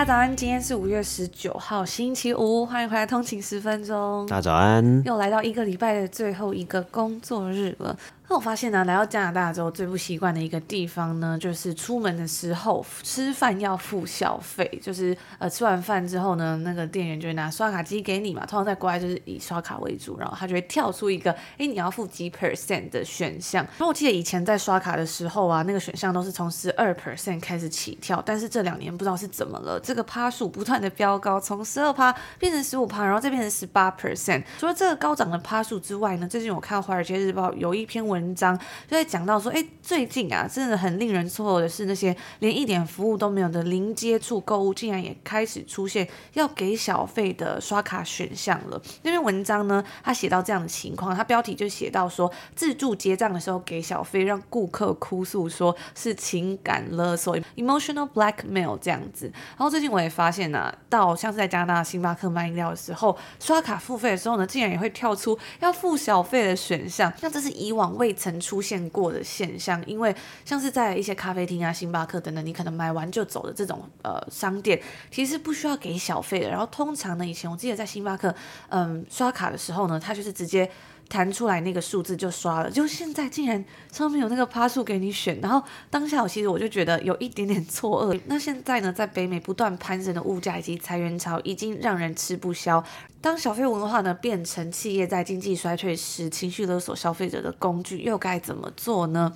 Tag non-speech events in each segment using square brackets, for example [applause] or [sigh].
大早安，今天是五月十九號，星期五，歡迎回來通勤十分鐘。大早安，又來到一個禮拜的最後一個工作日了。那我發現呢，啊，來到加拿大之後最不習慣的一個地方呢，就是出門的時候吃飯要付小費，就是呃吃完飯之後呢，那個店員就會拿刷卡機給你嘛，通常在國外就是以刷卡為主，然後他就會跳出一個，哎，你要付幾 percent 的選項。那我記得以前在刷卡的時候啊，那個選項都是從十二 percent 開始起跳，但是這兩年不知道是怎麼了，這個趴數不斷的飆高，從十二趴變成十五趴，然後再變成十八 percent。除了這個高漲的趴數之外呢，最近我看《華爾街日報》有一篇文。文章就在講到說，哎、欸，最近啊，真的很令人錯愕的是，那些連一點服務都沒有的零接觸購物，竟然也開始出現要給小費的刷卡選項了。那篇文章呢，他寫到這樣的情況，他標題就寫到說，自助結賬的時候給小費，讓顧客哭訴說是情感勒索 （emotional blackmail） 這樣子。然後最近我也發現啊，到像是在加拿大星巴克買飲料的時候，刷卡付費的時候呢，竟然也會跳出要付小費的選項。那這是以往未。曾出現過的現象，因為像是在一些咖啡廳啊、星巴克等等，你可能買完就走的這種呃商店，其實不需要給小費的。然後通常呢，以前我記得在星巴克，嗯，刷卡的時候呢，他就是直接。彈出來那個數字就刷了，就現在竟然，上面有那個趴數給你選，然後當下我其實我就覺得有一點點錯愕。那現在呢，在北美不斷攀升的物價以及裁員潮已經讓人吃不消。當小費文化呢變成企業在經濟衰退時情緒勒索消費者的工具，又該怎麼做呢？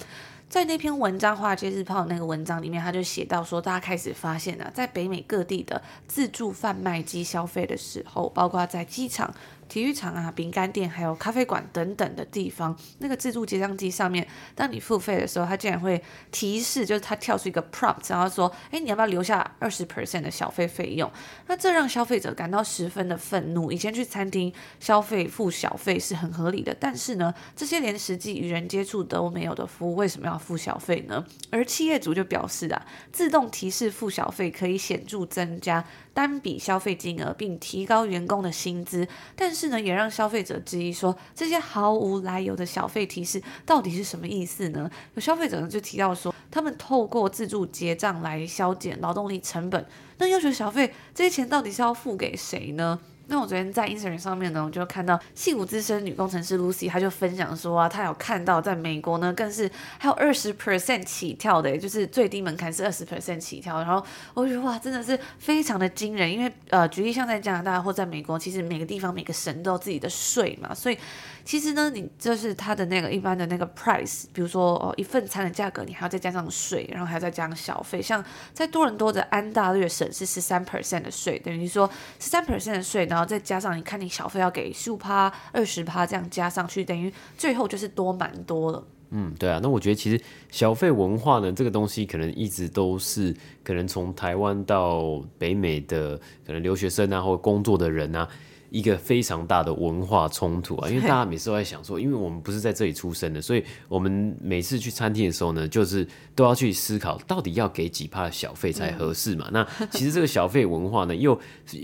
在那篇文章話《華爾街日報》那個文章裡面，他就寫到說，大家開始發現了、啊，在北美各地的自助販賣機消費的時候，包括在機場。體育場啊、餅乾店、還有咖啡館等等的地方，那個自助結賬機上面，當你付費的時候，它竟然會提示，就是它跳出一個 prompt，然後說：“誒，你要不要留下二十 percent 的小費費用？”那這讓消費者感到十分的憤怒。以前去餐廳消費付小費是很合理的，但是呢，這些連實際與人接觸都沒有的服務，為什麼要付小費呢？而企業主就表示啊，自動提示付小費可以顯著增加單筆消費金額，並提高員工的薪資，但。但是呢，也讓消費者質疑說，這些毫無來由的小費提示到底是什麼意思呢？有消費者呢就提到說，他們透過自助結賬來削減勞動力成本，那要求小費，這些錢到底是要付給誰呢？那我昨天在 Instagram 上面呢，我就看到矽谷資深女工程師 Lucy，她就分享說啊，她有看到在美國呢，更是還有二十 percent 起跳的，欸，就是最低門檻是二十 percent 起跳。然後我覺得哇，真的是非常的驚人，因為呃，舉例像在加拿大或在美國，其實每個地方每個省都有自己的稅嘛，所以其實呢，你就是它的那個一般的那個 price，比如說哦一份餐的價格，你還要再加上稅，然後還要再加上小費。像在多倫多的安大略省是十三 percent 的稅，等於說十三 percent 的稅呢。然後再加上你看，你小費要給十五趴二十趴，這樣加上去，等於最後就是多蠻多了。嗯，對啊，那我覺得其實小費文化呢，這個東西可能一直都是，可能從台灣到北美的可能留學生啊，或者工作的人啊。一個非常大的文化衝突啊，因為大家每次都在想說，因為我們不是在這裡出生的， [laughs] 所以我們每次去餐廳的時候呢，就是都要去思考到底要給幾趴小費才合適嘛。 [laughs] 那其實這個小費文化呢，又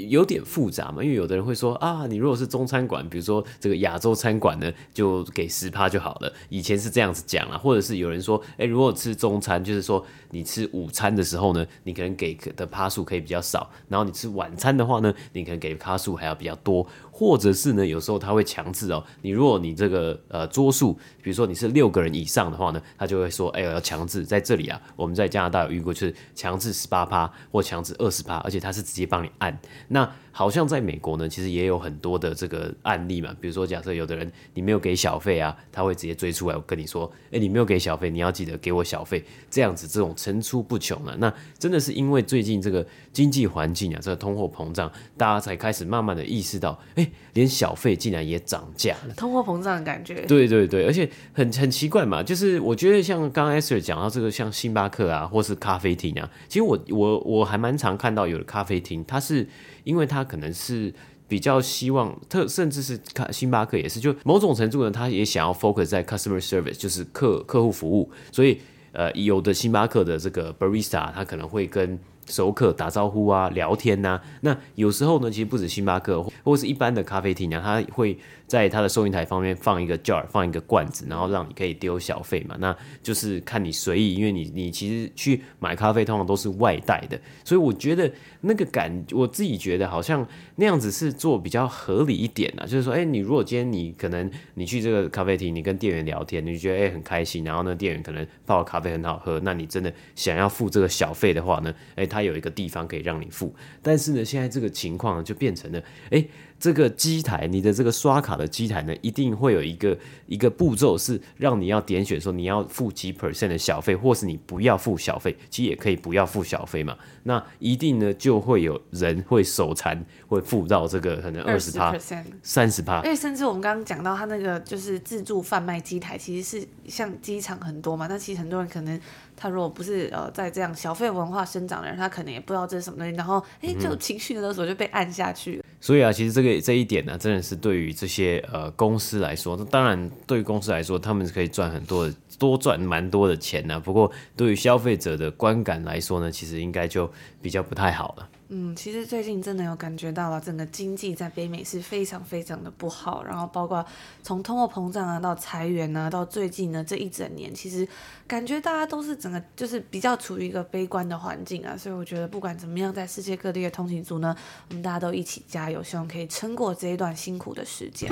有點複雜嘛，因為有的人會說啊，你如果是中餐館，比如說這個亞洲餐館呢，就給十趴就好了。以前是這樣子講啦、啊，或者是有人說，哎、欸，如果吃中餐，就是說。你吃午餐的時候呢，你可能給的趴數可以比較少，然後你吃晚餐的話呢，你可能給的趴數還要比較多。或者是呢，有時候他會強制哦，你如果你這個呃桌數，比如說你是六個人以上的話呢，他就會說，哎呦，要強制在這裡啊。我們在加拿大有遇過，就是強制十八趴或強制二十趴，而且他是直接幫你按。那好像在美國呢，其實也有很多的這個案例嘛。比如說，假設有的人你沒有給小費啊，他會直接追出來，我跟你說，哎，你沒有給小費，你要記得給我小費。這樣子，這種層出不窮了。那真的是因為最近這個經濟環境啊，這個通貨膨脹，大家才開始慢慢的意識到，哎。連小費竟然也漲價了，通貨膨脹的感覺。對對對，而且很很奇怪嘛，就是我覺得像剛剛艾 Sir 講到這個，像星巴克啊，或是咖啡廳啊，其實我我我還蠻常看到有的咖啡廳，它是因為它可能是比較希望特，甚至是咖星巴克也是，就某種程度呢，它也想要 focus 在 customer service，就是客客戶服務，所以呃，有的星巴克的這個 barista，它可能會跟熟客打招呼啊，聊天吶、啊，那有時候呢，其實不止星巴克或或是一般的咖啡廳啊，他會在他的收銀臺方面放一個 jar，放一個罐子，然後讓你可以丟小費嘛。那就是看你隨意，因為你你其實去買咖啡通常都是外帶的，所以我覺得那個感，我自己覺得好像那樣子是做比較合理一點啊。就是說，哎、欸，你如果今天你可能你去這個咖啡廳，你跟店員聊天，你就覺得哎、欸、很開心，然後呢，店員可能泡的咖啡很好喝，那你真的想要付這個小費的話呢，哎、欸、他。還有一個地方可以讓你付，但是呢，現在這個情況就變成了，欸、這個機台，你的這個刷卡的機台呢，一定會有一個一個步驟是讓你要點選說，你要付幾 percent 的小費，或是你不要付小費，其實也可以不要付小費嘛。那一定呢，就會有人會手殘，會付到這個可能二十趴、三十趴，而且甚至我們剛剛講到，他那個就是自助販賣機台，其實是像機場很多嘛，那其實很多人可能。他如果不是呃在這樣小費文化生長的人，他可能也不知道這是什麼東西。然後，誒、欸，就情緒的勒索、嗯、就被按下去所以啊，其實這個這一點呢、啊，真的是對於這些呃公司來說，那當然對於公司來說，他們是可以賺很多，的，多賺蠻多的錢呢、啊。不過對於消費者的觀感來說呢，其實應該就比較不太好了。嗯，其實最近真的有感覺到啊，整個經濟在北美是非常非常的不好，然後包括從通貨膨脹啊到裁員啊到最近呢這一整年，其實感覺大家都是整個就是比較處於一個悲觀的環境啊，所以我覺得不管怎麼樣，在世界各地的通勤族呢，我們大家都一起加油，希望可以撐過這一段辛苦的時間。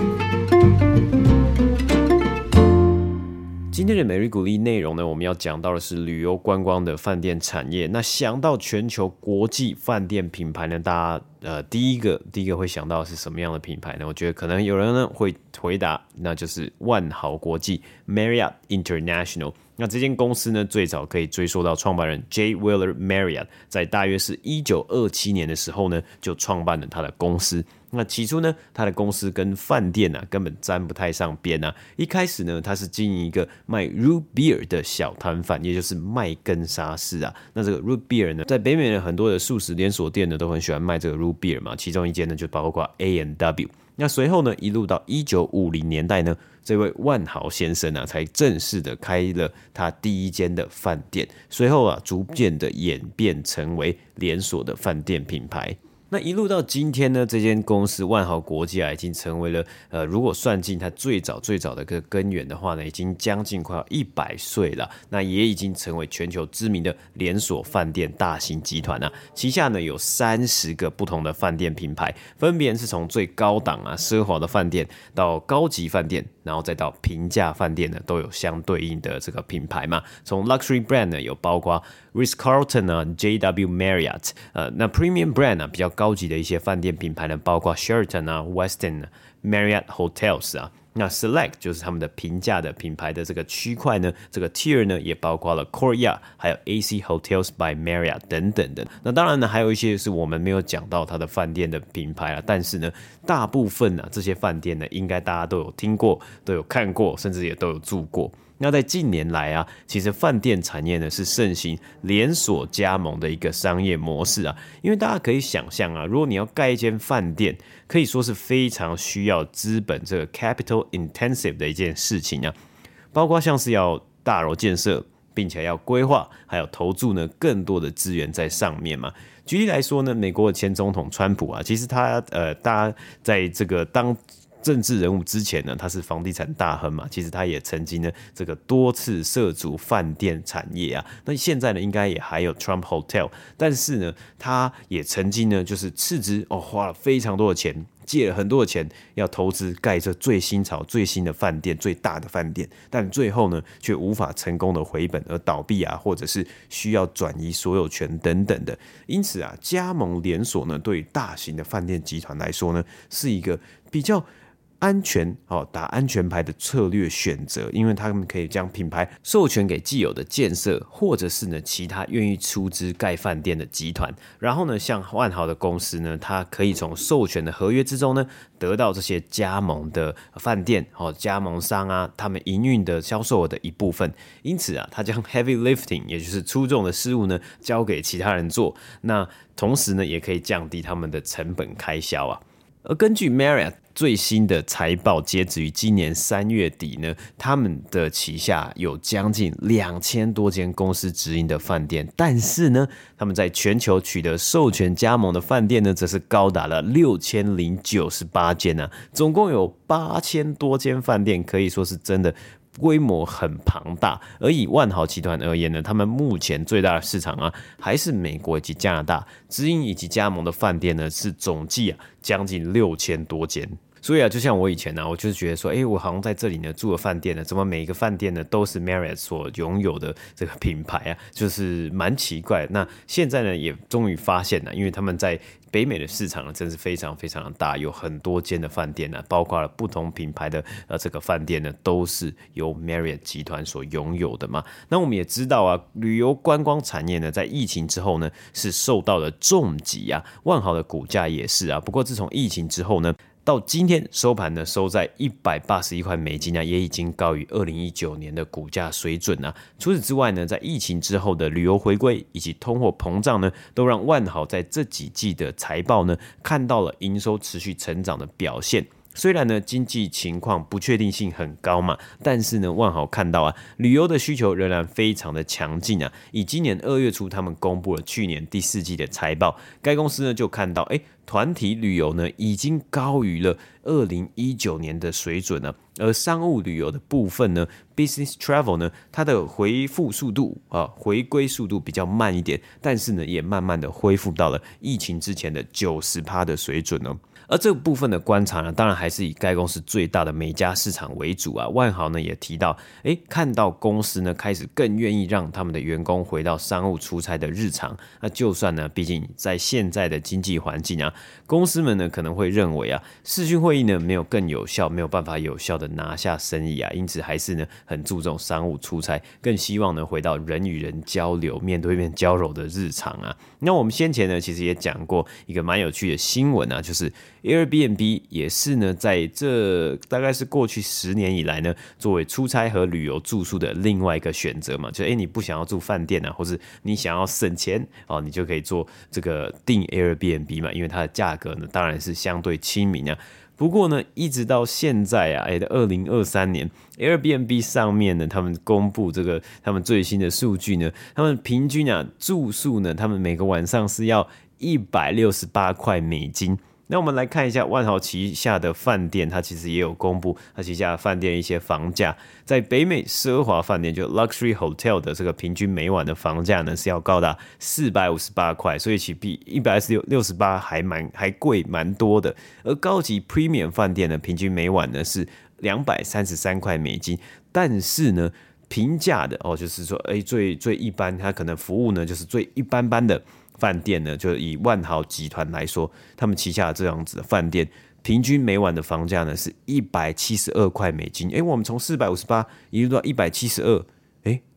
今天的每日股曆內容呢，我們要講到的是旅遊觀光的飯店產業。那想到全球國際飯店品牌呢，大家呃第一個第一個會想到的是什麼樣的品牌呢？我覺得可能有人呢會回答，那就是萬豪國際 Marriott International。那這間公司呢，最早可以追溯到創辦人 J. Willard Marriott，在大約是一九二七年的時候呢，就創辦了他的公司。那起初呢，他的公司跟飯店啊根本沾不太上邊吶、啊。一開始呢，他是經營一個賣 root beer 的小攤販，也就是麥根沙士啊。那這個 root beer 呢，在北美的很多的素食連鎖店呢，都很喜歡賣這個 root beer 嘛。其中一間呢，就包括 A&W。那隨後呢，一路到一九五零年代呢，這位萬豪先生呢、啊，才正式的開了他第一間的飯店，隨後啊，逐漸的演變成為連鎖的飯店品牌。那一路到今天呢，這間公司萬豪國際啊，已經成為了呃，如果算進它最早最早的一個根源的話呢，已經將近快要一百歲了。那也已經成為全球知名的連鎖飯店大型集團啊，旗下呢有三十個不同的飯店品牌，分別是從最高檔啊奢華的飯店到高級飯店，然後再到平價飯店呢，都有相對應的這個品牌嘛。從 luxury brand 呢有包括 Ritz Carlton 啊、JW Marriott，呃，那 premium brand 呢、啊、比較。高級的一些飯店品牌呢，包括 Sheraton 啊、Westin 啊、Marriott Hotels 啊，那 Select 就是他們的平價的品牌的這個區塊呢，這個 Tier 呢也包括了 Courtyard 還有 AC Hotels by Marriott 等等的。那當然呢，還有一些是我們沒有講到它的飯店的品牌啊。但是呢，大部分呢、啊、這些飯店呢，應該大家都有聽過、都有看過，甚至也都有住過。那在近年來啊，其實飯店產業呢是盛行連鎖加盟的一個商業模式啊，因為大家可以想象啊，如果你要蓋一間飯店，可以說是非常需要資本這個 capital intensive 的一件事情啊，包括像是要大樓建設，並且要規劃，還有投注呢更多的資源在上面嘛。舉例來說呢，美國的前總統川普啊，其實他呃，大家在這個當。政治人物之前呢，他是房地產大亨嘛，其實他也曾經呢，這個多次涉足飯店產業啊。那現在呢，應該也還有 Trump Hotel，但是呢，他也曾經呢，就是斥資哦，花了非常多的錢，借了很多的錢，要投資蓋這最新潮、最新的飯店、最大的飯店，但最後呢，卻無法成功的回本而倒閉啊，或者是需要轉移所有權等等的。因此啊，加盟連鎖呢，對於大型的飯店集團來說呢，是一個比較。安全哦，打安全牌的策略選擇，因為他們可以將品牌授權給既有的建設，或者是呢，其他願意出資蓋飯店的集團。然後呢，像萬豪的公司呢，他可以從授權的合約之中呢，得到這些加盟的飯店哦，加盟商啊，他們營運的銷售額的一部分。因此啊，他將 heavy lifting，也就是粗重的事務呢，交給其他人做。那同時呢，也可以降低他們的成本開銷啊。而根據 Marriott 最新的財報，截止於今年三月底呢，他們的旗下有將近兩千多間公司直營的飯店，但是呢，他們在全球取得授權加盟的飯店呢，則是高達了六千零九十八間呢，總共有八千多間飯店，可以說是真的。規模很龐大，而以萬豪集團而言呢，他們目前最大的市場啊，還是美國以及加拿大，直營以及加盟的飯店呢，是總計啊將近六千多間。所以啊，就像我以前呢、啊，我就是覺得說，哎，我好像在這裡呢住的飯店呢，怎麼每一個飯店呢都是 Marriott 所擁有的這個品牌啊，就是蠻奇怪。那現在呢，也終於發現了，因為他們在北美的市場呢，真是非常非常的大，有很多間的飯店呢、啊，包括了不同品牌的呃這個飯店呢，都是由 Marriott 集團所擁有的嘛。那我們也知道啊，旅遊觀光產業呢，在疫情之後呢，是受到了重擊啊，萬豪的股價也是啊。不過自從疫情之後呢，到今天收盤呢，收在一百八十一塊美金呢啊，也已經高於二零一九年的股價水準啊。除此之外呢，在疫情之後的旅遊回歸以及通貨膨脹呢，都讓萬豪在這幾季的財報呢看到了營收持續成長的表現。雖然呢經濟情況不確定性很高嘛，但是呢萬豪看到啊，旅遊的需求仍然非常的強勁啊。以今年二月初他們公布了去年第四季的財報，該公司呢就看到誒，欸團體旅遊呢，已經高於了二零一九年的水準了，而商務旅遊的部分呢，business travel 呢，它的回復速度啊，回歸速度比較慢一點，但是呢，也慢慢的恢復到了疫情之前的九十趴的水準呢。而這個部分的觀察呢，當然還是以該公司最大的美加市場為主啊。萬豪呢也提到，哎、欸，看到公司呢開始更願意讓他們的員工回到商務出差的日常。那就算呢，畢竟在現在的經濟環境啊，公司們呢可能會認為啊，視訊會議呢沒有更有效，沒有辦法有效的拿下生意啊，因此還是呢很注重商務出差，更希望能回到人與人交流、面對面交流的日常啊。那我們先前呢其實也講過一個蠻有趣的新聞啊，就是。Airbnb 也是呢，在這大概是過去十年以來呢，作為出差和旅遊住宿的另外一個選擇嘛。就誒、欸、你不想要住飯店啊，或是你想要省錢哦，你就可以做這個訂 Airbnb 嘛。因為它的價格呢，當然是相對親民啊。不過呢，一直到現在啊，哎、欸，二零二三年 Airbnb 上面呢，他們公布這個他們最新的數據呢，他們平均啊住宿呢，他們每個晚上是要一百六十八塊美金。那我們來看一下萬豪旗下的飯店，它其實也有公布它旗下的飯店一些房價。在北美奢華飯店就 Luxury Hotel 的這個平均每晚的房價呢是要高達四百五十八塊，所以其比一百二十六六十八還蠻還貴蠻多的。而高級 premium 飯店呢，平均每晚呢是兩百三十三塊美金，但是呢，平價的哦，就是說哎，最最一般，它可能服務呢就是最一般般的。飯店呢，就以萬豪集團來說，他們旗下這樣子的飯店，平均每晚的房價呢是一百七十二塊美金。誒、欸，我們從四百五十八一路到一百七十二。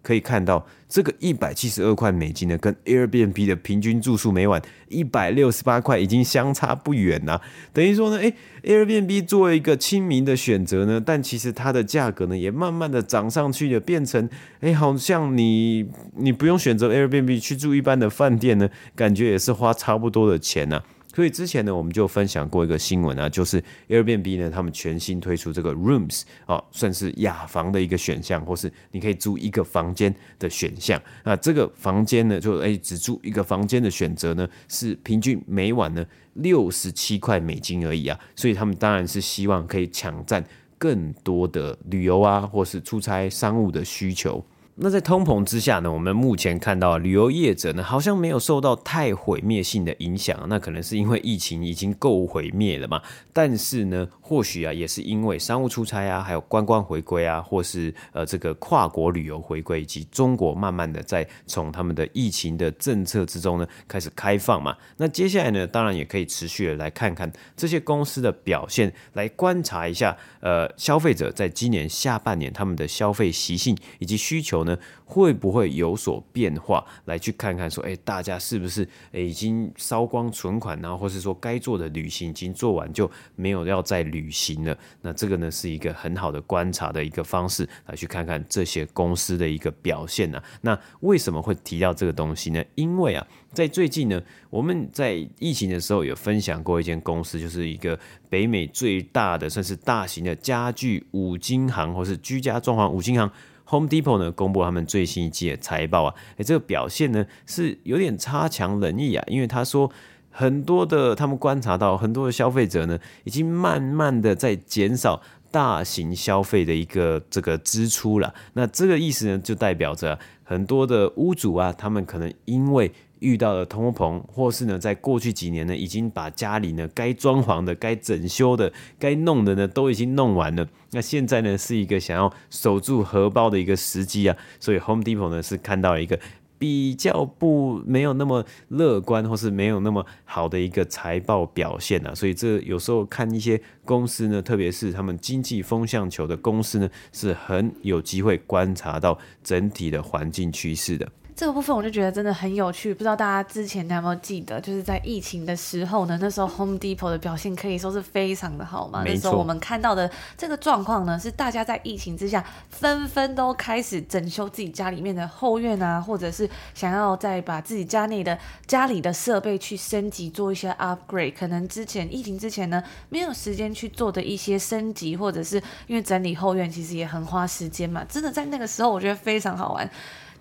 可以看到，這個一百七十二塊美金呢，跟 Airbnb 的平均住宿每晚一百六十八塊已經相差不遠吶。等於說呢，哎，Airbnb 作為一個親民的選擇呢，但其實它的價格呢，也慢慢的漲上去，也變成哎，好像你你不用選擇 Airbnb 去住一般的飯店呢，感覺也是花差不多的錢呢。所以之前呢，我們就分享過一個新聞啊，就是 Airbnb 呢，他們全新推出這個 Rooms 啊，算是雅房的一個選項，或是你可以租一個房間的選項啊。那這個房間呢，就哎、欸、只住一個房間的選擇呢，是平均每晚呢六十七塊美金而已啊。所以他們當然是希望可以搶占更多的旅遊啊，或是出差商務的需求。那在通膨之下呢，我們目前看到旅遊業者呢，好像沒有受到太毀滅性的影響。那可能是因為疫情已經夠毀滅了嘛。但是呢，或許啊，也是因為商務出差啊，還有觀光回歸啊，或是呃這個跨國旅遊回歸，以及中國慢慢的在從他們的疫情的政策之中呢，開始開放嘛。那接下來呢，當然也可以持續的來看看這些公司的表現，來觀察一下呃消費者在今年下半年他們的消費習性以及需求。呢會不會有所變化？來去看看，說哎，大家是不是已經燒光存款，然後或是說該做的旅行已經做完，就沒有要再旅行了？那這個呢，是一個很好的觀察的一個方式，來去看看這些公司的一個表現呢、啊？那為什麼會提到這個東西呢？因為啊，在最近呢，我們在疫情的時候有分享過一間公司，就是一個北美最大的算是大型的家具五金行，或是居家裝潢五金行。Home Depot 呢，公布他們最新一季的財報啊，哎，這個表現呢是有點差強人意啊，因為他說很多的他們觀察到很多的消費者呢，已經慢慢的在減少大型消費的一個這個支出了啊，那這個意思呢，就代表着啊，很多的屋主啊，他們可能因為遇到了通膨，或是呢，在過去幾年呢，已經把家裡呢該裝潢的、該整修的、該弄的呢，都已經弄完了。那現在呢，是一個想要守住荷包的一個時機啊。所以 Home Depot 呢是看到了一個比較不沒有那麼樂觀，或是沒有那麼好的一個財報表現啊。所以這有時候看一些公司呢，特別是他們經濟風向球的公司呢，是很有機會觀察到整體的環境趨勢的。這個部分我就覺得真的很有趣，不知道大家之前你有沒有記得，就是在疫情的時候呢，那時候 Home Depot 的表現可以說是非常的好嘛。沒錯。那時候我們看到的這個狀況呢，是大家在疫情之下紛紛都開始整修自己家裡面的後院啊，或者是想要再把自己家內的家裡的設備去升級，做一些 upgrade。可能之前疫情之前呢，沒有時間去做的一些升級，或者是因為整理後院其實也很花時間嘛。真的在那個時候，我覺得非常好玩。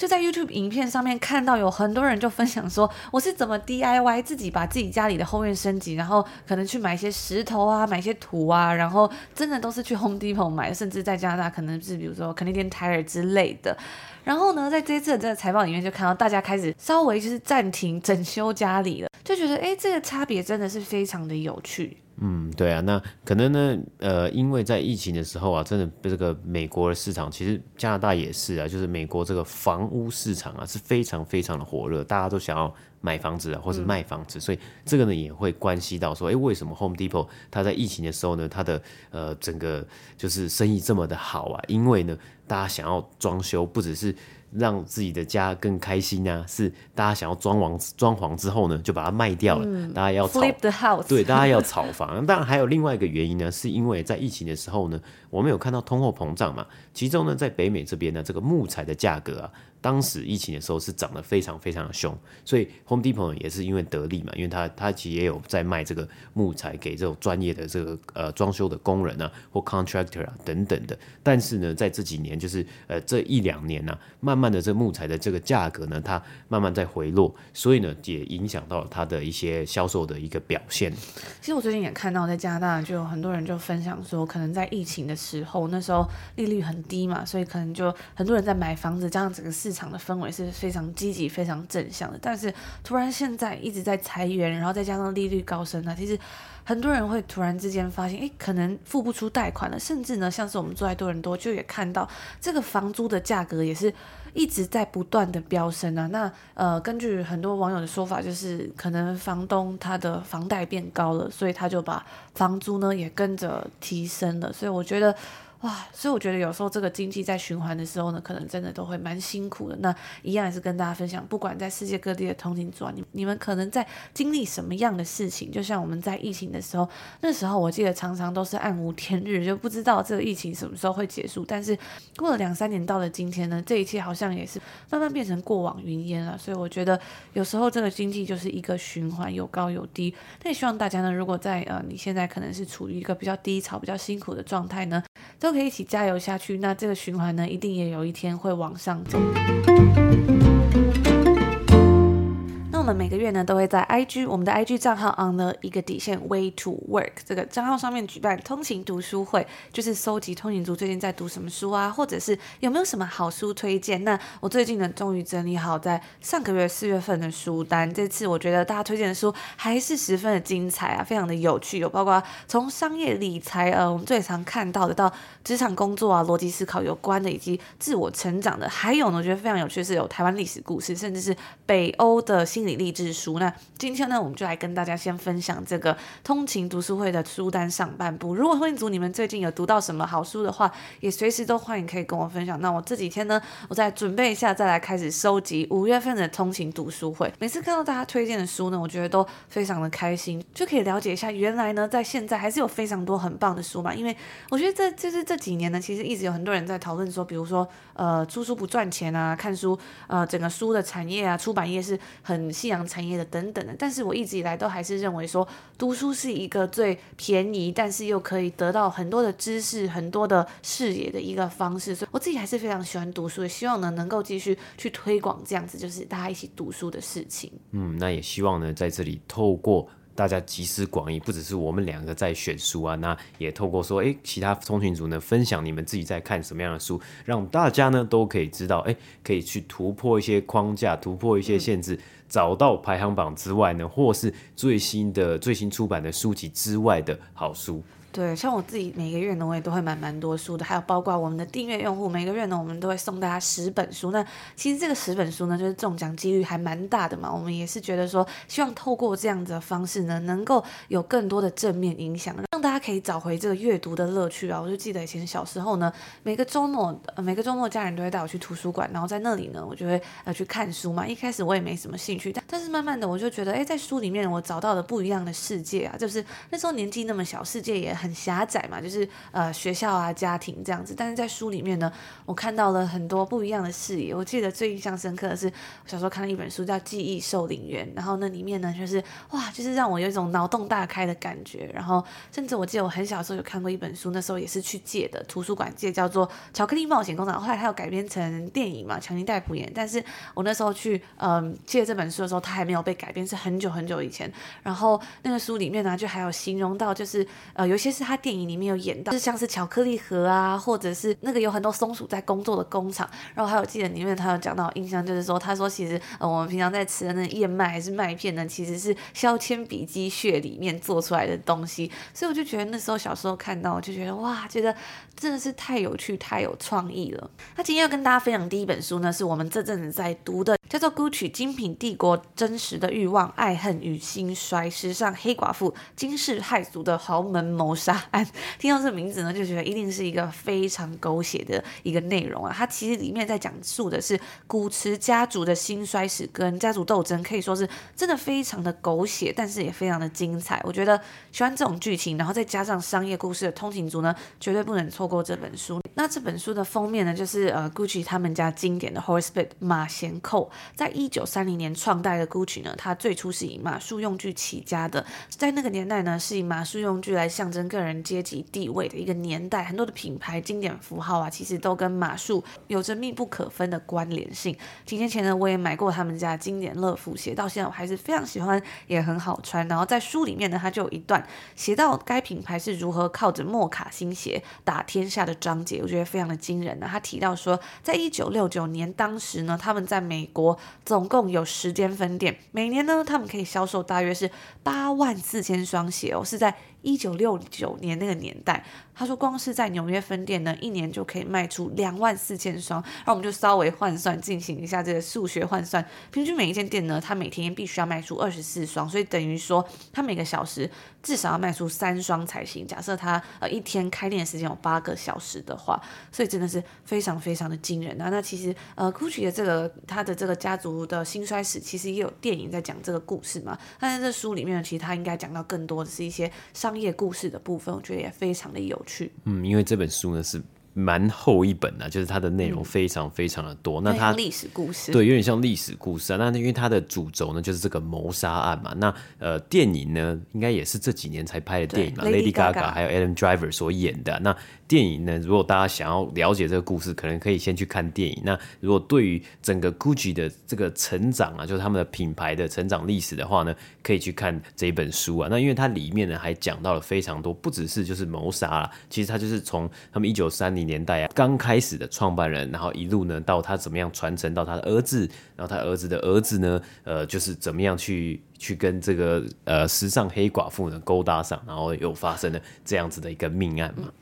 就在 YouTube 影片上面看到有很多人就分享說，我是怎麼 DIY 自己把自己家裡的後院升級，然後可能去買一些石頭啊，買一些土啊，然後真的都是去 Home Depot 買，甚至在加拿大可能是比如說 Canadian Tire 之類的。然後呢，在這一次的這個財報裡面，就看到大家開始稍微就是暫停整修家裡了，就覺得哎，這個差別真的是非常的有趣。嗯，對啊，那可能呢，呃，因為在疫情的時候啊，真的這個美國的市場，其實加拿大也是啊，就是美國這個房屋市場啊是非常非常的火熱，大家都想要買房子啊，或是賣房子，嗯、所以這個呢也會關係到說，哎，為什麼 Home Depot 它在疫情的時候呢，它的呃整個就是生意這麼的好啊？因為呢，大家想要裝修，不只是。讓自己的家更開心啊，是大家想要裝潢裝潢之後呢，就把它賣掉了，嗯、大家要炒，Flip the house. 對，大家要炒房。 [laughs] 當然還有另外一個原因呢，是因為在疫情的時候呢。我們有看到通貨膨脹嘛？其中呢，在北美這邊呢，這個木材的價格啊，當時疫情的時候是漲得非常非常的凶，所以 Home Depot 也是因為得利嘛，因為它它其實也有在賣這個木材給這種專業的這個呃裝修的工人啊，或 contractor 啊等等的。但是呢，在這幾年，就是呃這一兩年呢啊，慢慢的這個木材的這個價格呢，它慢慢在回落，所以呢，也影響到它的一些銷售的一個表現。其實我最近也看到在加拿大，就有很多人就分享說，可能在疫情的。時候那時候利率很低嘛，所以可能就很多人在買房子，加上整個市場的氛圍是非常積極、非常正向的。但是突然現在一直在裁員，然後再加上利率高升呢，啊，其實很多人會突然之間發現，誒，可能付不出貸款了，甚至呢，像是我們住在多人多就也看到這個房租的價格也是，一直在不斷的飆升啊！那呃，根據很多網友的說法，就是可能房東他的房貸變高了，所以他就把房租呢也跟着提升了。所以我覺得。哇，所以我覺得有時候這個經濟在循環的時候呢，可能真的都會蠻辛苦的。那一樣也是跟大家分享，不管在世界各地的通勤族，你你們可能在經歷什麼樣的事情，就像我們在疫情的時候，那時候我記得常常都是暗無天日，就不知道這個疫情什麼時候會結束。但是過了兩三年，到了今天呢，這一切好像也是慢慢變成過往雲煙了。所以我覺得有時候這個經濟就是一個循環，有高有低。那也希望大家呢，如果在呃你現在可能是處於一個比較低潮、比較辛苦的狀態呢，都可以一起加油下去，那這個循環呢，一定也有一天會往上走。我們每個月呢，都會在 IG 我們的 IG 賬號 on the，一個底線 Way to Work 這個賬號上面舉辦通勤讀書會，就是蒐集通勤族最近在讀什麼書啊，或者是有沒有什麼好書推薦。那我最近呢，終於整理好在上個月四月份的書單。這次我覺得大家推薦的書還是十分的精彩啊，非常的有趣，有包括從商業理財，呃，我們最常看到的到職場工作啊、邏輯思考有關的，以及自我成長的。還有呢，我覺得非常有趣的是有台灣歷史故事，甚至是北歐的心理。勵志書。那今天呢，我們就來跟大家先分享這個通勤讀書會的書單上半部。如果通勤族你們最近有讀到什麼好書的話，也隨時都歡迎可以跟我分享。那我這幾天呢，我再準備一下，再來開始收集五月份的通勤讀書會。每次看到大家推薦的書呢，我覺得都非常的開心，就可以了解一下，原來呢，在現在還是有非常多很棒的書嘛。因為我覺得這，就是這幾年呢，其實一直有很多人在討論說，比如說呃，出書不賺錢啊，看書呃，整個書的產業啊，出版業是很。夕陽產業，的等等的，但是我一直以來都還是認為說，讀書是一個最便宜，但是又可以得到很多的知識、很多的視野的一個方式。所以我自己還是非常喜歡讀書，也希望呢能夠繼續去推廣這樣子，就是大家一起讀書的事情。嗯，那也希望呢在這裡透過。大家集思廣益，不只是我們兩個在選書啊，那也透過說，哎，其他通勤族呢，分享你們自己在看什麼樣的書，讓大家呢都可以知道，哎，可以去突破一些框架，突破一些限制，找到排行榜之外呢，或是最新的最新出版的書籍之外的好書。對，像我自己每個月呢，我也都會買蠻，蠻多書的。還有包括我們的訂閱用戶，每個月呢，我們都會送大家十本書。那其實這個十本書呢，就是中獎幾率還蠻大的嘛。我們也是覺得說，希望透過這樣子的方式呢，能夠有更多的正面影響，讓大家可以找回這個閱讀的樂趣啊。我就記得以前小時候呢，每個週末，每個週末家人都會帶我去圖書館，然後在那裡呢，我就會呃去看書嘛。一開始我也沒什麼興趣，但但是慢慢的我就覺得，哎，在書裡面我找到了不一樣的世界啊，就是那時候年紀那麼小，世界也。很狹窄嘛，就是呃學校啊、家庭這樣子。但是在書裡面呢，我看到了很多不一樣的視野。我記得最印象深刻的是，我小時候看了一本書叫《記憶受領員》，然後那裡面呢，就是哇，就是讓我有一種腦洞大開的感覺。然後，甚至我記得我很小的時候有看過一本書，那時候也是去借的，圖書館借，叫做《巧克力冒險工廠》。後來它有改編成電影嘛，強尼戴普演。但是我那時候去嗯、呃、借這本書的時候，它還沒有被改編，是很久很久以前。然後那個書裡面呢、啊，就還有形容到，就是呃有些。就是他電影裡面有演到，就是像是巧克力盒啊，或者是那個有很多松鼠在工作的工廠。然後還有記得裡面他有講到，印象就是說，他說其實呃我們平常在吃的那燕麥還是麥片呢，其實是削鉛筆積屑裡面做出來的東西。所以我就覺得那時候小時候看到，我就覺得哇，覺得真的是太有趣、太有創意了。那今天要跟大家分享第一本書呢，是我們這陣子在讀的，叫做《Gucci 精品帝國》，真實的欲望、愛恨與興衰，時尚黑寡婦驚世駭俗的豪門謀殺案。聽到這名字呢，就覺得一定是一個非常狗血的一個內容啊！它其實裡面在講述的是古馳家族的興衰史跟家族鬥爭，可以說是真的非常的狗血，但是也非常的精彩。我覺得喜歡這種劇情，然後再加上商業故事的通勤族呢，絕對不能錯過這本書。那這本書的封面呢，就是呃，Gucci 他們家經典的 Horsebit 馬銜扣。在一九三零年創代的 GUCCI 呢，它最初是以馬術用具起家的。在那個年代呢，是以馬術用具來象徵個人階級地位的一個年代。很多的品牌經典符號啊，其實都跟馬術有着密不可分的關聯性。幾年前呢，我也買過他們家經典樂福鞋，到現在我還是非常喜歡，也很好穿。然後在書裡面呢，它就有一段寫到該品牌是如何靠着莫卡辛鞋打天下的章節，我覺得非常的驚人呢、啊。他提到說，在一九六九年當時呢，他們在美國。總共有十間分店，每年呢，他們可以銷售大約是八萬四千雙鞋哦，是在。一九六九年，那個年代，他說光是在紐約分店呢，一年就可以賣出兩萬四千雙。那我們就稍微換算，進行一下這個數學換算，平均每一間店呢，他每天也必須要賣出二十四雙，所以等於說，他每個小時至少要賣出三雙才行。假設他呃一天開店的時間有八個小時的話，所以真的是非常非常的驚人那、啊、那其實呃，GUCCI 的這個他的這個家族的興衰史，其實也有電影在講這個故事嘛。但是這書裡面呢，其實他應該講到更多的是一些商業故事的部分，我覺得也非常的有趣。嗯，因為這本書呢是蠻厚一本的、啊，就是它的內容非常非常的多。嗯、那它歷史故事，對，有點像歷史故事、啊。那因為它的主軸呢就是這個謀殺案嘛。那呃，電影呢應該也是這幾年才拍的電影嘛、啊、對，Lady Gaga 還有 Adam Driver 所演的、啊、那。電影呢，如果大家想要了解這個故事，可能可以先去看電影。那如果對於整個 Gucci 的這個成長啊，就是他們的品牌的成長歷史的話呢，可以去看這一本書啊。那因為它裡面呢，還講到了非常多，不只是就是謀殺啊，其實它就是從他們一九三零年代啊剛開始的創辦人，然後一路呢到他怎麼樣傳承到他的兒子，然後他兒子的兒子呢，呃，就是怎麼樣去去跟這個呃時尚黑寡婦呢勾搭上，然後又發生了這樣子的一個命案嘛。嗯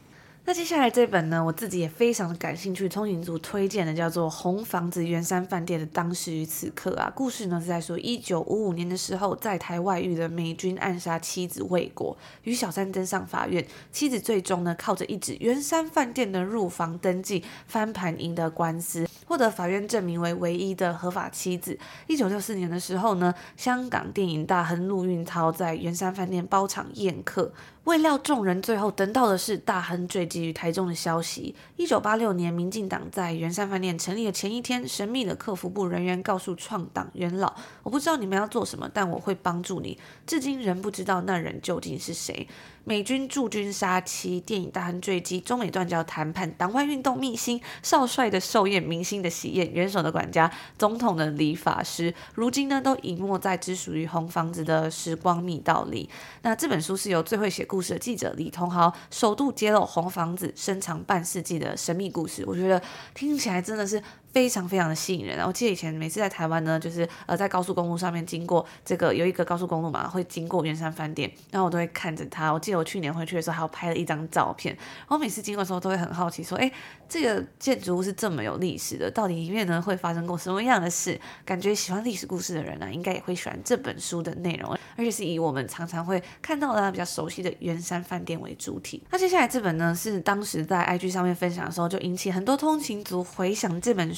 那接下來這本呢，我自己也非常的感興趣，通勤族推薦的叫做《紅房子圓山飯店的當時與此刻》啊，故事呢是在說一九五五年的時候，在台外遇的美軍暗殺妻子未果，與小三登上法院，妻子最終呢靠着一紙圓山飯店的入房登記翻盤贏得官司，獲得法院證明為唯一的合法妻子。一九六四年的時候呢，香港電影大亨陸運濤在圓山飯店包場宴客。未料眾人最後等到的是大亨墜機於台中的消息。一九八六年，民進黨在圓山飯店成立的前一天，神秘的客服部人員告訴創黨元老：“我不知道你們要做什麼，但我會幫助你。”至今仍不知道那人究竟是誰。美軍駐軍殺妻、電影大亨墜機、中美斷交談判、黨外運動秘辛、少帥的壽宴、明星的喜宴、元首的管家、總統的理髮師，如今呢都隱沒在只屬於紅房子的時光密道裡。那這本書是由最會寫故事故事的記者李同豪首度揭露紅房子深藏半世紀的神秘故事，我覺得聽起來真的是。非常非常的吸引人、啊，我記得以前每次在台灣呢，就是呃在高速公路上面經過這個，有一個高速公路嘛，會經過圓山飯店，然後我都會看着它。我記得我去年回去的時候，還有拍了一張照片。我每次經過的時候，都會很好奇說，哎、欸，這個建築物是這麼有歷史的，到底裡面呢會發生過什麼樣的事？感覺喜歡歷史故事的人呢、啊，應該也會喜歡這本書的內容，而且是以我們常常會看到的比較熟悉的圓山飯店為主體。那接下來這本呢，是當時在 IG 上面分享的時候，就引起很多通勤族回想這本書。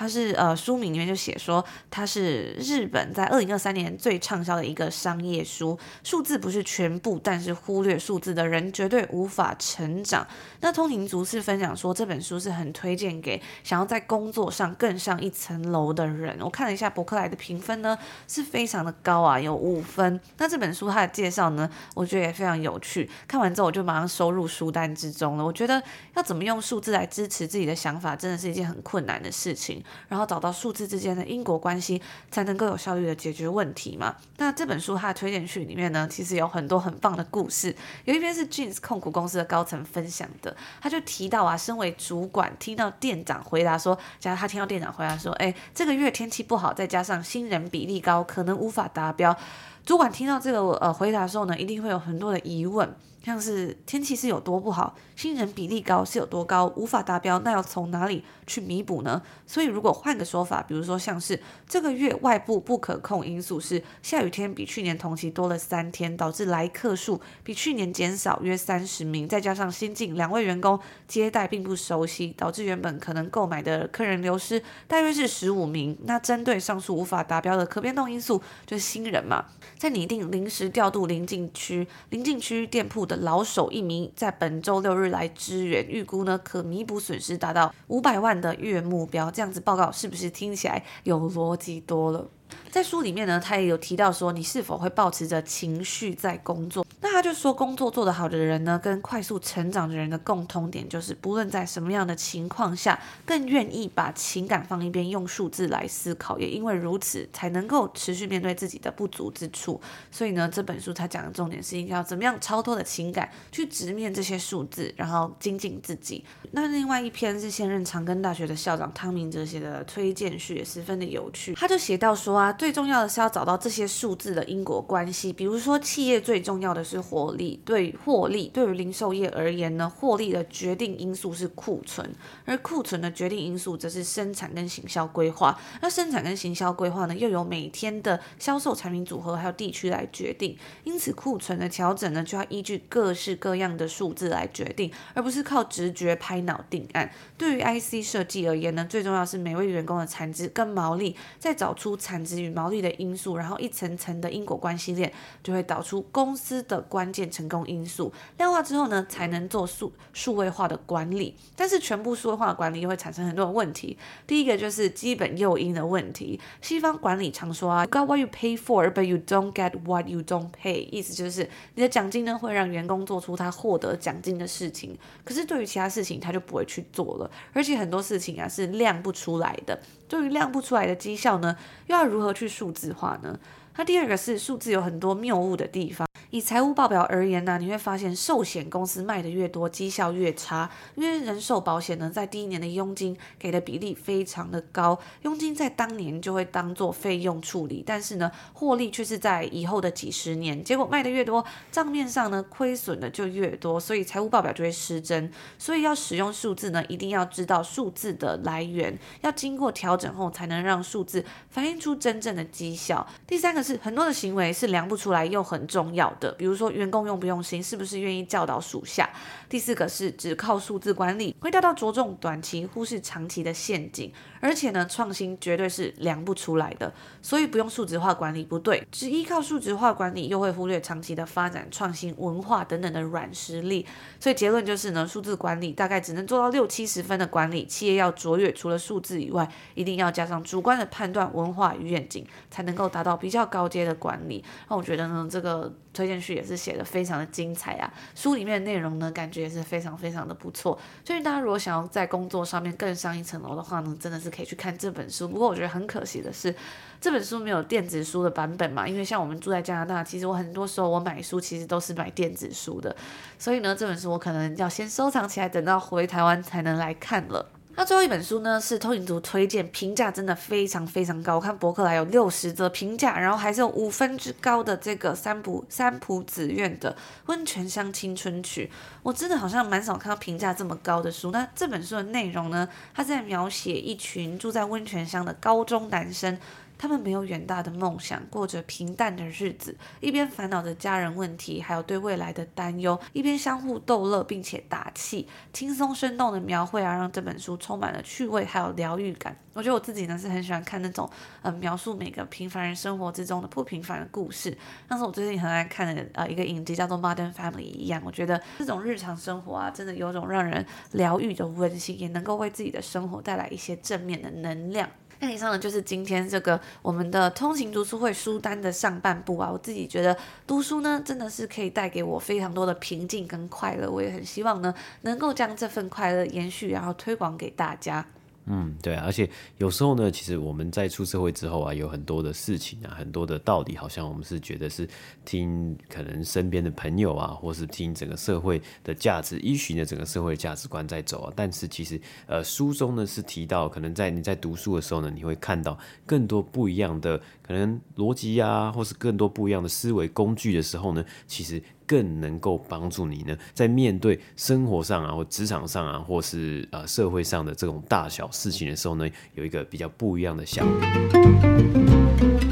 它是呃，書名裡面就寫說，它是日本在二零二三年最暢銷的一個商業書。數字不是全部，但是忽略數字的人絕對無法成長。那通靈族通勤族是分享說，這本書是很推薦給想要在工作上更上一層樓的人。我看了一下博客來的評分呢是非常的高啊，有五分。那這本書它的介紹呢，我覺得也非常有趣。看完之後我就馬上收入書單之中了。我覺得要怎麼用數字來支持自己的想法，真的是一件很困難的事情。然後找到數字之間的因果關係，才能夠有效率的解決問題嘛。那這本書它的推薦序裡面呢，其實有很多很棒的故事。有一篇是 Jins 控股公司的高層分享的，他就提到啊，身為主管，聽到店長回答說，假如他聽到店長回答說，哎，這個月天氣不好，再加上新人比例高，可能無法達標。主管聽到這個呃回答的時候呢，一定會有很多的疑問。像是天氣是有多不好，新人比例高是有多高，無法達標，那要從哪裡去彌補呢？所以如果換個說法，比如說像是這個月外部不可控因素是下雨天比去年同期多了三天，導致來客數比去年減少約三十名，再加上新進兩位員工接待並不熟悉，導致原本可能購買的客人流失大約是十五名。那針對上述無法達標的可變動因素，就是新人嘛，在擬定臨時調度，鄰近區鄰近區店鋪，的老手一名，在本週六日來支援，預估呢，可彌補損失達到五百萬的月目標。這樣子報告是不是聽起來有邏輯多了？在書裡面呢，他也有提到說，你是否會抱持着情緒在工作？那他就說，工作做得好的人呢，跟快速成長的人的共通點就是，不論在什麼樣的情況下，更願意把情感放一邊，用數字來思考。也因為如此，才能夠持續面對自己的不足之處。所以呢，這本書他講的重點是，應該要怎麼樣超脫的情感去直面這些數字，然後精進自己。那另外一篇是現任長庚大學的校長湯明哲寫的推薦序，也十分的有趣。他就寫到說、啊。啊，最重要的是要找到這些數字的因果關係。比如說，企業最重要的是獲利，對獲利，對於零售業而言呢，獲利的決定因素是庫存，而庫存的決定因素則是生產跟行銷規劃。那生產跟行銷規劃呢，又由每天的銷售產品組合還有地區來決定。因此，庫存的調整呢，就要依據各式各樣的數字來決定，而不是靠直覺拍腦定案。對於 IC 設計而言呢，最重要的是每位員工的產值跟毛利，再找出產。與毛利的因素，然後一層層的因果關係鏈，就會導出公司的關鍵成功因素。量化之後呢，才能做數數位化的管理。但是全部數位化的管理又會產生很多的問題。第一個就是基本誘因的問題。西方管理常說啊 "You got what you pay for, but you don't get what you don't pay"，意思就是你的獎金呢會讓員工做出他獲得獎金的事情，可是對於其他事情他就不會去做了。而且很多事情啊是量不出來的。對於量不出來的績效呢，又要如何去數字化呢？那第二個是數字有很多謬誤的地方。以財務報表而言呢，你會發現壽險公司賣的越多，績效越差。因為人壽保險呢，在第一年的佣金給的比例非常的高，佣金在當年就會當做費用處理，但是呢，獲利卻是在以後的幾十年。結果賣的越多，賬面上呢虧損的就越多，所以財務報表就會失真。所以要使用數字呢，一定要知道數字的來源，要經過調整後，才能讓數字反映出真正的績效。第三個。但是很多的行為是量不出來又很重要的，比如說員工用不用心，是不是願意教導屬下。第四個是只靠數字管理，會掉到着重短期、忽視長期的陷阱。而且呢，創新絕對是量不出來的，所以不用數值化管理不對，只依靠數值化管理又會忽略長期的發展、創新、文化等等的軟實力。所以結論就是呢，數字管理大概只能做到六七十分的管理，企業要卓越，除了數字以外，一定要加上主觀的判斷、文化與願景，才能夠達到比較高階的管理。那我覺得呢，這個。推薦序也是寫的非常的精彩啊，書裡面的內容呢，感覺也是非常非常的不錯，所以大家如果想要在工作上面更上一層樓的話呢，真的是可以去看這本書。不過我覺得很可惜的是，這本書沒有電子書的版本嘛，因為像我們住在加拿大，其實我很多時候我買書其實都是買電子書的，所以呢，這本書我可能要先收藏起來，等到回台灣才能來看了。那最後一本書呢，是通勤族推薦，評價真的非常非常高。我看博客來有六十則評價，然後還是有五分之高的這個三浦三浦紫苑的《溫泉鄉青春曲》。我真的好像蠻少看到評價這麼高的書。那這本書的內容呢，它在描寫一群住在溫泉鄉的高中男生。他們沒有遠大的夢想，過着平淡的日子，一邊煩惱着家人問題，還有對未來的擔憂，一邊相互逗樂並且打氣，輕鬆生動的描繪啊，讓這本書充滿了趣味還有療癒感。我覺得我自己呢是很喜歡看那種，呃，描述每個平凡人生活之中的不平凡的故事，像是我最近很愛看的呃一個影集叫做《Modern Family》一樣。我覺得這種日常生活啊，真的有種讓人療癒的溫馨，也能夠為自己的生活帶來一些正面的能量。那以上呢，就是今天這個我們的通勤讀書會書單的上半部啊。我自己覺得讀書呢，真的是可以帶給我非常多的平靜跟快樂。我也很希望呢，能夠將這份快樂延續，然後推廣給大家。嗯，對啊，而且有時候呢，其實我們在出社會之後啊，有很多的事情啊，很多的道理，好像我們是覺得是聽可能身邊的朋友啊，或是聽整個社會的價值依循着整個社會的價值觀在走啊。但是其實，呃，書中呢是提到，可能在你在讀書的時候呢，你會看到更多不一樣的可能邏輯呀，或是更多不一樣的思維工具的時候呢，其實。更能夠幫助你呢，在面對生活上啊，或職場上啊，或是呃社會上的這種大小事情的時候呢，有一個比較不一樣的想法。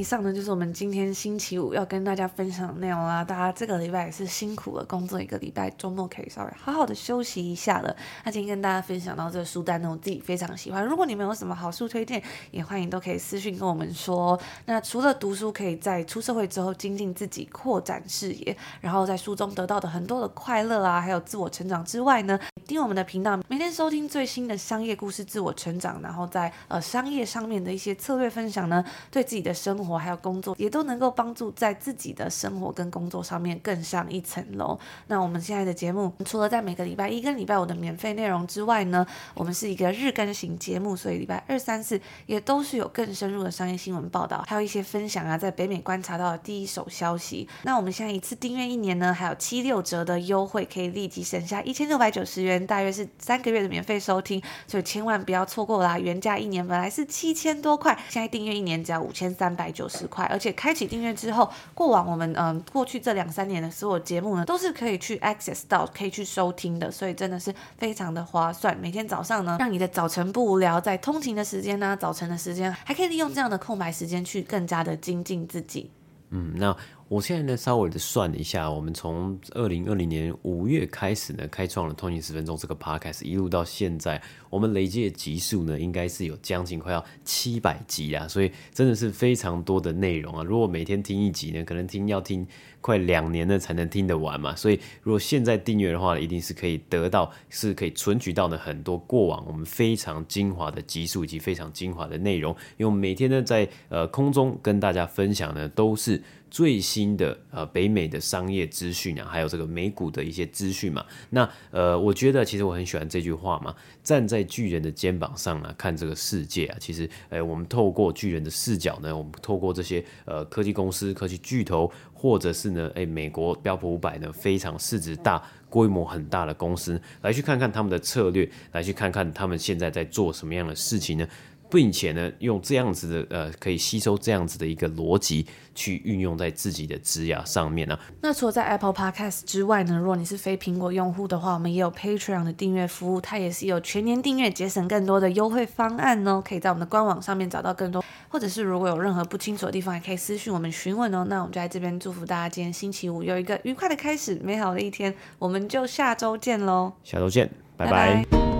以上呢，就是我們今天星期五要跟大家分享的內容啦、啊。大家這個禮拜也是辛苦了，工作一個禮拜，周末可以稍微好好的休息一下了。那、啊、今天跟大家分享到這個書單呢，我自己非常喜歡。如果你們有什麼好書推薦，也歡迎都可以私信跟我們說、哦。那除了讀書，可以在出社會之後精進自己、擴展視野，然後在書中得到的很多的快樂啊，還有自我成長之外呢，訂閱我們的頻道，每天收聽最新的商業故事、自我成長，然後在呃商業上面的一些策略分享呢，對自己的生活。我還有工作，也都能夠幫助在自己的生活跟工作上面更上一層樓。那我們現在的節目，除了在每個禮拜一跟禮拜五的免費內容之外呢，我們是一個日更型節目，所以禮拜二、三、四也都是有更深入的商業新聞報道，還有一些分享啊，在北美觀察到的第一手消息。那我們現在一次訂閱一年呢，還有七六折的優惠，可以立即省下一千六百九十元，大約是三個月的免費收聽，所以千萬不要錯過啦！原價一年本來是七千多塊，現在訂閱一年只要五千三百九。九十塊，而且開啟訂閱之後，過往我們嗯過去這兩三年的所有節目呢，都是可以去 access 到，可以去收聽的，所以真的是非常的划算。每天早上呢，讓你的早晨不無聊，在通勤的時間呢、啊，早晨的時間還可以利用這樣的空白時間去更加的精進自己。嗯，那我現在呢稍微的算了一下，我們從二零二零年五月開始呢，開創了通勤十分鐘這個 podcast，一路到現在。我們累計的集數呢，應該是有將近快要七百集啊，所以真的是非常多的內容啊。如果每天聽一集呢，可能聽要聽快兩年呢才能聽得完嘛。所以如果現在訂閱的話，一定是可以得到，是可以存取到呢很多過往我們非常精華的集數以及非常精華的內容。因為我們每天呢在呃空中跟大家分享的都是最新的呃北美的商業資訊啊，還有這個美股的一些資訊嘛。那呃我覺得其實我很喜歡這句話嘛，站在在巨人的肩膀上來、啊、看這個世界啊，其實，哎、欸，我們透過巨人的視角呢，我們透過這些呃科技公司、科技巨頭，或者是呢，哎、欸，美國標普五百呢非常市值大、規模很大的公司，來去看看他們的策略，來去看看他們現在在做什麼樣的事情呢？並且呢，用這樣子的呃，可以吸收這樣子的一個邏輯，去運用在自己的職涯上面呢、啊。那除了在 Apple Podcast 之外呢，如果你是非蘋果用戶的話，我們也有 Patreon 的訂閱服務，它也是有全年訂閱，節省更多的優惠方案哦、喔。可以在我們的官網上面找到更多，或者是如果有任何不清楚的地方，也可以私訊我們詢問哦、喔。那我們就在這邊祝福大家今天星期五有一個愉快的開始，美好的一天，我們就下周見嘍。下周見，拜拜。拜拜。